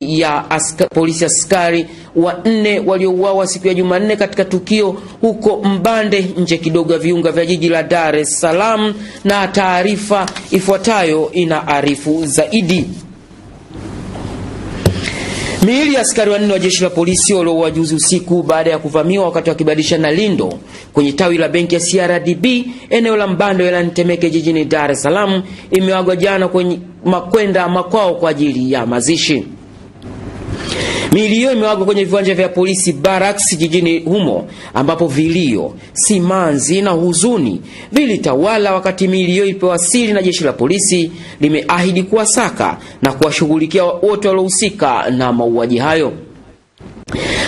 ya aska, polisi askari wanne waliouawa siku ya Jumanne katika tukio huko Mbande nje kidogo ya viunga vya jiji la Dar es Salaam, na taarifa ifuatayo inaarifu zaidi. Miili ya askari wanne wa jeshi la polisi waliouawa juzi usiku baada ya kuvamiwa wakati na lindo kwenye tawi la benki ya CRDB eneo la Mbande wilayani Temeke jijini Dar es Salaam imewagwa jana kwenye makwenda makwao kwa ajili ya mazishi hiyo imewagwa kwenye viwanja vya polisi barracks jijini humo, ambapo vilio, simanzi na huzuni vilitawala wakati milio ilipowasili na jeshi la polisi limeahidi kuwasaka na kuwashughulikia wote waliohusika na mauaji hayo.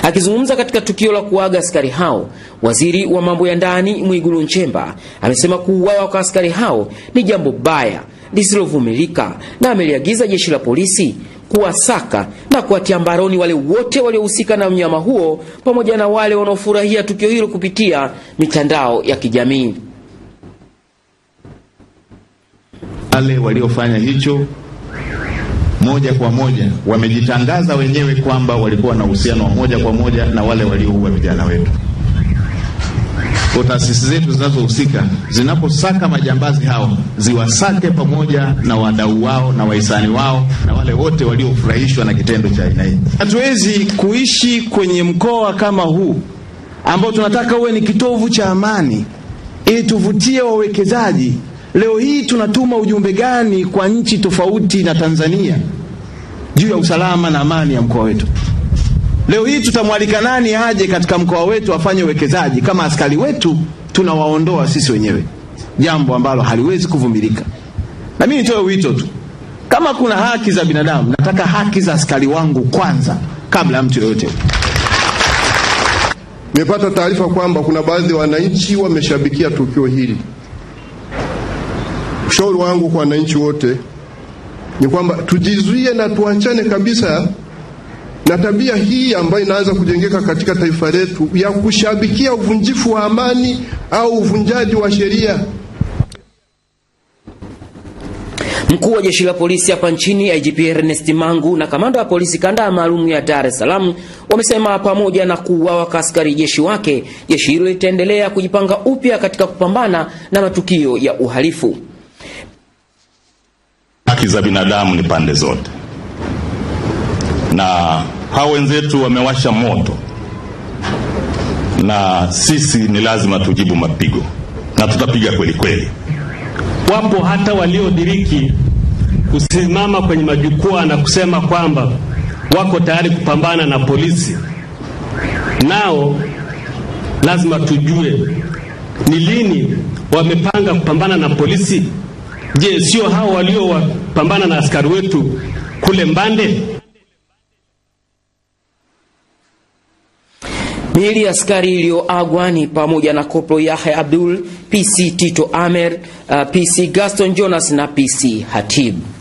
Akizungumza katika tukio la kuaga askari hao, waziri wa mambo ya ndani Mwigulu Nchemba amesema kuuawa kwa askari hao ni jambo baya lisilovumilika na ameliagiza jeshi la polisi kuwasaka na kuwatia mbaroni wale wote waliohusika na mnyama huo pamoja na wale wanaofurahia tukio hilo kupitia mitandao ya kijamii. Wale waliofanya hicho moja kwa moja wamejitangaza wenyewe kwamba walikuwa na uhusiano wa moja kwa moja na wale walioua vijana wetu kwa taasisi zetu zinazohusika zinaposaka majambazi hao ziwasake pamoja na wadau wao na wahisani wao na wale wote waliofurahishwa na kitendo cha aina hii. Hatuwezi kuishi kwenye mkoa kama huu ambao tunataka uwe ni kitovu cha amani ili tuvutie wawekezaji. Leo hii tunatuma ujumbe gani kwa nchi tofauti na Tanzania juu ya usalama na amani ya mkoa wetu? Leo hii tutamwalika nani aje katika mkoa wetu afanye uwekezaji kama askari wetu tunawaondoa sisi wenyewe, jambo ambalo haliwezi kuvumilika. Na mimi nitoe wito tu, kama kuna haki za binadamu, nataka haki za askari wangu kwanza kabla ya mtu yoyote. Nimepata taarifa kwamba kuna baadhi ya wananchi wameshabikia tukio hili. Ushauri wangu kwa wananchi wote ni kwamba tujizuie na tuachane kabisa na tabia hii ambayo inaanza kujengeka katika taifa letu ya kushabikia uvunjifu wa amani au uvunjaji wa sheria. Mkuu wa jeshi la polisi hapa nchini IGP Ernest Mangu na kamanda wa polisi kanda ya maalum ya Dar es Salaam wamesema pamoja na kuuawa kwa askari jeshi wake, jeshi hilo litaendelea kujipanga upya katika kupambana na matukio ya uhalifu. Haki za binadamu ni pande zote na hao wenzetu wamewasha moto, na sisi ni lazima tujibu mapigo na tutapiga kweli kweli. Wapo hata waliodiriki kusimama kwenye majukwaa na kusema kwamba wako tayari kupambana na polisi. Nao lazima tujue ni lini wamepanga kupambana na polisi. Je, sio hao waliowapambana na askari wetu kule Mbande? Miili askari iliyoagwa ni pamoja na Koplo Yahya Abdul, PC Tito Amer, uh, PC Gaston Jonas na PC Hatib.